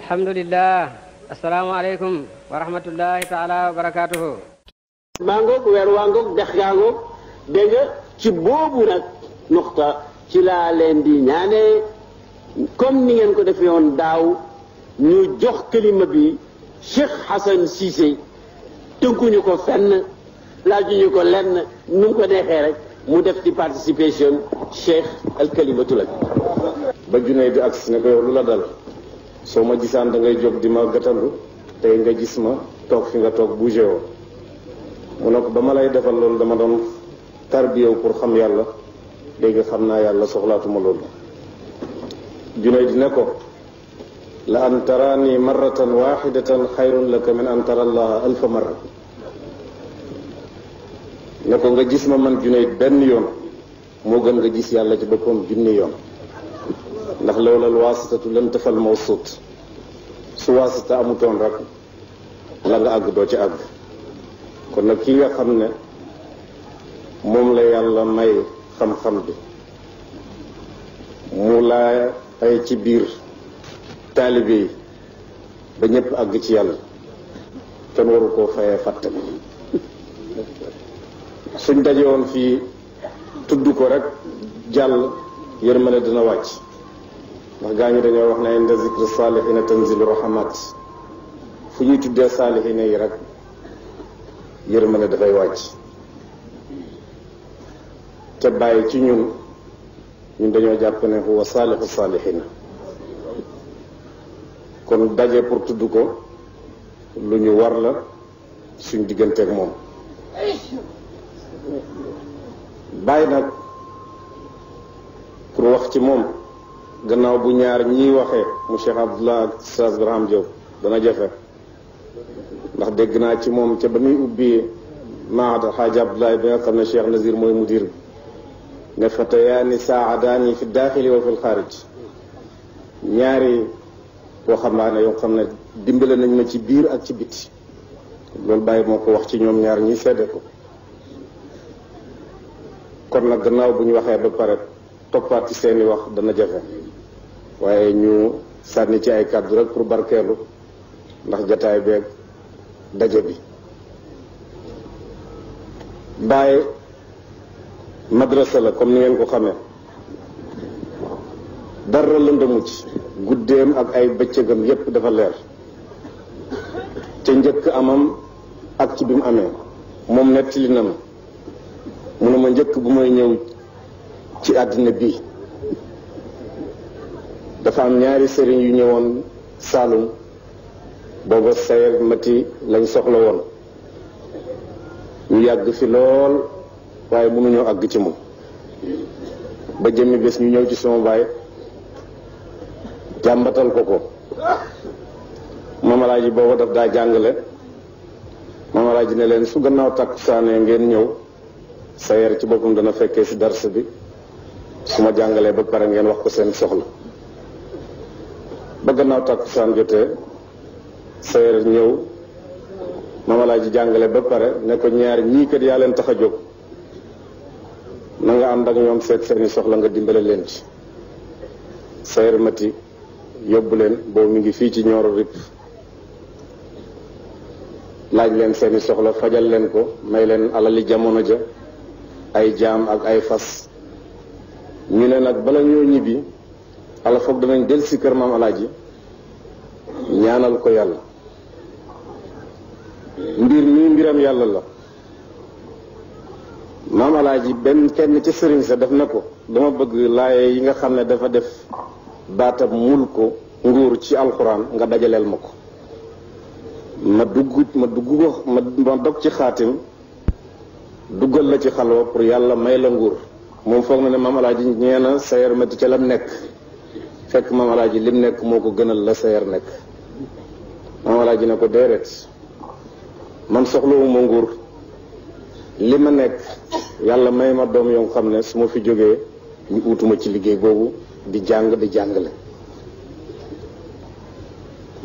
الحمد لله السلام عليكم ورحمة الله تعالى وبركاته مانغوك ويروانغوك دخيانغو دنجا تبوبو نقطة تلا لندي ناني كم نيان كو داو نيو جوخ كلمة بي شيخ حسن سيسي تنكو نيوكو فن لاجي نيوكو لن نيوكو دخيرك مدف دي بارتسيبيشن شيخ الكلمة تلك بجنة يدو أكسنة بيولو لدالك soo ma gisaan da ngay jóg di ma gëtandu tey nga gis ma toog fi nga toog bougé woo mu ne ko ba ma lay defal loolu dama doon tarbiyew pour xam yàlla léegi xam naa yàlla soxlaatuma loolu junay di ne ko la an taraani marratan waxidatan xayrun laka min an tara allaha alfa marra ne ko nga gis ma man di benn yoon moo gën nga gis yàlla ci boppam junni yoon ndax lawla al waasitatu lan tafal mawsuut su waasita amutoon rek la nga àgg doo ci àgg kon nag ki nga xam ne moom la yàlla may xam-xam bi mu laa ay ci biir taalibe yi ba ñëpp àgg ci yàlla kenn waru koo fayee fàtte suñ daje woon fii tudd ko rek jàll ne dina wàcc ndax gaa ñi dañoo wax ne inda zikri saalihina tanzilu rahmat fu ñuy tuddee saalihina yi rek ne dafay wàcc te bàyyi ci ñun ñun dañoo jàpp ne huwa saalihu saalihina kon daje pour tudd ko lu ñu war la suñ digganteeg moom bàyyi nag pour wax ci moom gannaaw bu ñaar ñi waxe mu Cheikh Abdullah ak Oustaz Braham dana jafe ndax dégg na ci mom ci bamuy ubbi maada haji abdullah bi nga xam Cheikh Nazir moy mudir ne fatayani sa'adani fi dakhil wa fi kharij ñaari ko xam naa ne yoo xam ne nañ ma ci biir ak ci biti lol baye moko wax ci ñom ñaar ñi sedde ko kon nag gannaaw bu ñu waxee ba pare toppaat ci seeni wax dana jafe waaye ñu sànni ci ay kàddu rek pour barkeelu ndax jataay beeg daje bi Baye madrasa la comme ni ngeen ko xamee dara lëndëmu ci guddeem ak ay bëccëgam yépp dafa leer ca njëkk amam ak ci bi mu amee moom nettali na mu ne njëkk bu may ñëw ci àddina bi dafa am ñaari sëriñ yu ñëwoon Saalum booba sayer mati lañ soxla woon ñu yàgg fi lool waaye mu ñëw àgg ci moom ba jëmmi bés ñu ñëw ci sama baay jàmbatal ko ko mamalaaji booba daf daa jàngale mamalaaji ne leen su gannaaw takku saanee ngeen ñëw sayer ci boppam dana fekkee si dars bi su ma jàngalee ba pare ngeen wax ko seen soxla naa gannaaw saan jotee sayar ñëw mama laa ji jàngale ba pare ne ko ñaar ñii kat yaa leen tax a jóg na nga ànd ak ñoom seet seeni soxla nga dimbale leen ci sayar mati yóbbu leen boobu mi ngi fii ci Nioro Rip laaj leen seeni soxla fajal leen ko may leen alali jamono ja ay jaam ak ay fas ñu ne nag bala ñoo ñibbi ala foog danañ del si kër maam alaaji ñaanal ko yàlla mbir mii mbiram yàlla la maam alaaji benn kenn ci sëriñ sa def na ko dama bëgg laaye yi nga xam ne dafa def baatab mul ko nguur ci alxuraan nga dajaleel ma ko ma dugg ma dugg ko ma dog ci xaatim duggal la ci xalwa pour yàlla may la nguur moom foog na ne maam alaaji ñee na sayer métti ca lam nekk fekk maam alaaji lim nekk moo ko gënal la sayer nekk maam alaaji ne ko déedéet man soxlawu nguur li ma nekk yàlla may ma doom yoo xam ne su ma fi jógee ñu uutuma ci liggéey boobu di jàng di jàngale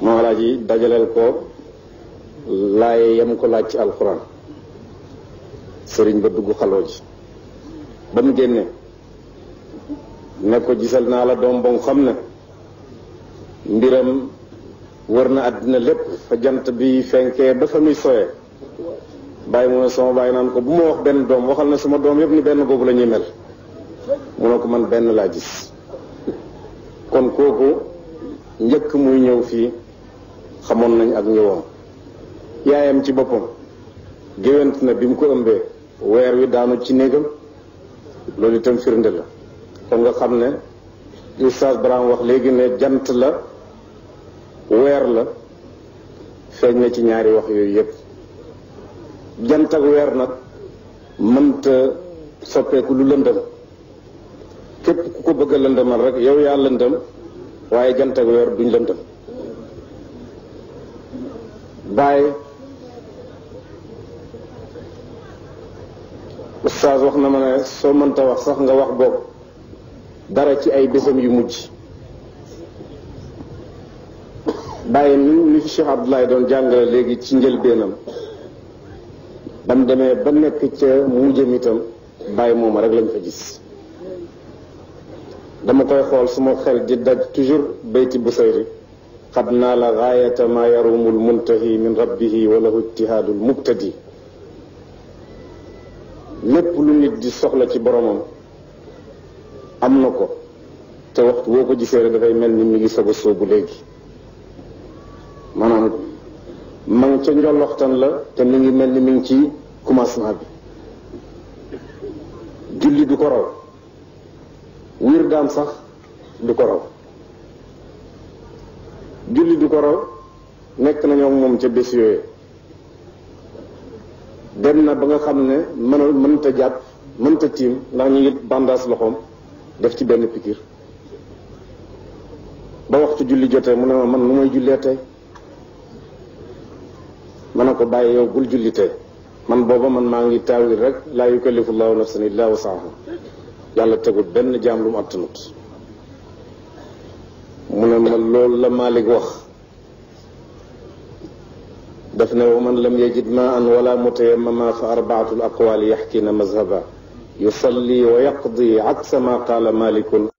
maam alaaji dajaleel ko laaye yem ko laaj ci alxuraan sëriñ ba dugg xalooji ba mu génne ne ko gisal naa la doom ba mu xam ne mbiram wër na àddina lépp fa jant bi fenkee ba fa muy soyee bàyyi mu ne sama bàyyi naan ko bu ma wax benn doom waxal na sama doom yëpp ni benn boobu la ñuy mel mu ne ko man benn laa gis kon kooku njëkk muy ñëw fii xamoon nañ ak ñëwam yaayam ci boppam géwént na bi mu ko ëmbee weer wi daanu ci néegam loolu itam firnde la kon nga xam ne Oustaz Brahima wax léegi ne jant la weer la feeñ na ci ñaari wax yooyu yëpp jant ak weer nag mënta soppeeku lu lëndëm képp ku ko bëgg a lëndëmal rek yow yaa lëndëm waaye jant ak weer duñ lëndëm bàyyi استاذ wax na سو ne soo mënta wax nga wax boog dara ci ay bésam yu mujj baye ni ni Cheikh abdoulay don jàngale legi ci ngeel benam bam deme ba nekk ca mujjam itam baye mooma rek lañ fa gis dama koy xol suma xel di daj toujours bayti bu sayri qad naa la gaayata ma yarumul muntahi min rabbihi wa lahu ijtihaadul mubtadi lépp lu nit di soxla ci boromam am na ko te waxtu boo ko gisee rek dafay mel ni mi ngi soog a léegi maanaam ma ngi ca njolloxtan la te mi ngi mel ni mi ci commencement bi julli du ko raw wiir daam sax du ko raw julli du ko raw nekk nañoo moom ca bés yooyu dem na ba nga xam ne mën a mënta jàpp ta tiim ndax ñu ngi bandaas loxoom def ci benn pikir ba waxtu julli jotee mu ne ma man nu may jullee tey ma ne ko bàyyi yow bul julli tey man booba man maa ngi taawil rek laa yukallifu llahu nafsan illa wasaaha yàlla tegul benn jaam lu mu attanut mu ne ma loolu la malik wax دفنا ومن لم يجد ماء ولا متيمما فأربعة الأقوال يحكين مذهبا يصلي ويقضي عكس ما قال مالك